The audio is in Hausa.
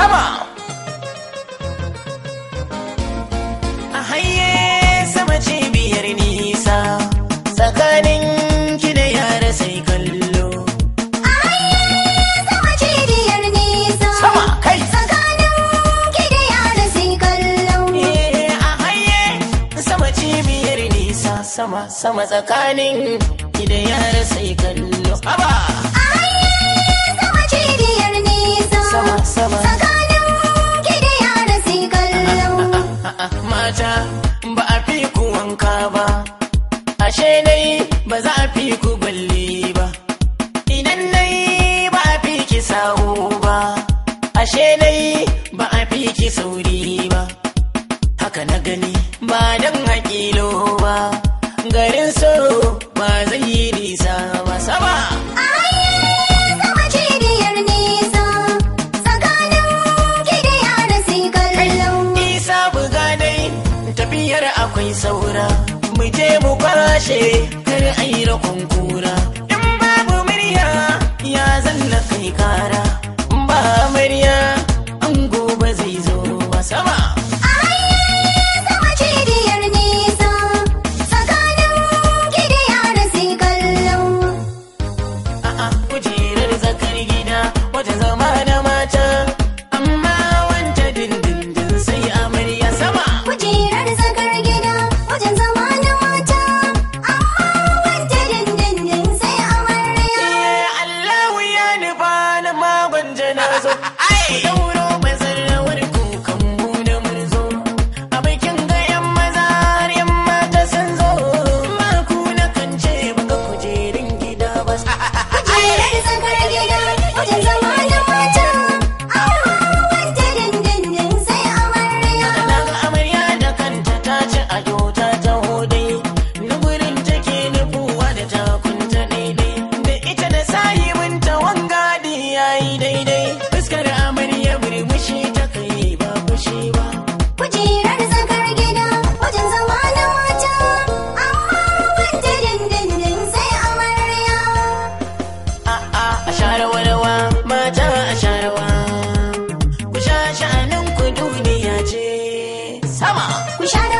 sama sama cibiyar nisa tsakanin ki da yara sai kallo a sama tsakanin ki da yara sai kallo eh, a sama cibiyar nisa sama tsakanin ki mata ba a fi ku wanka ba ashe dai ba za a fi ku balle ba idan dai ba a fi ki ba ashe dai ba a fi ki sauri ba haka na gani ba dan hakilo ba garin so ba zai yi duniyar akwai saura mu je mu kwashe kar ayi rakon kura Ha ha ha! Come on.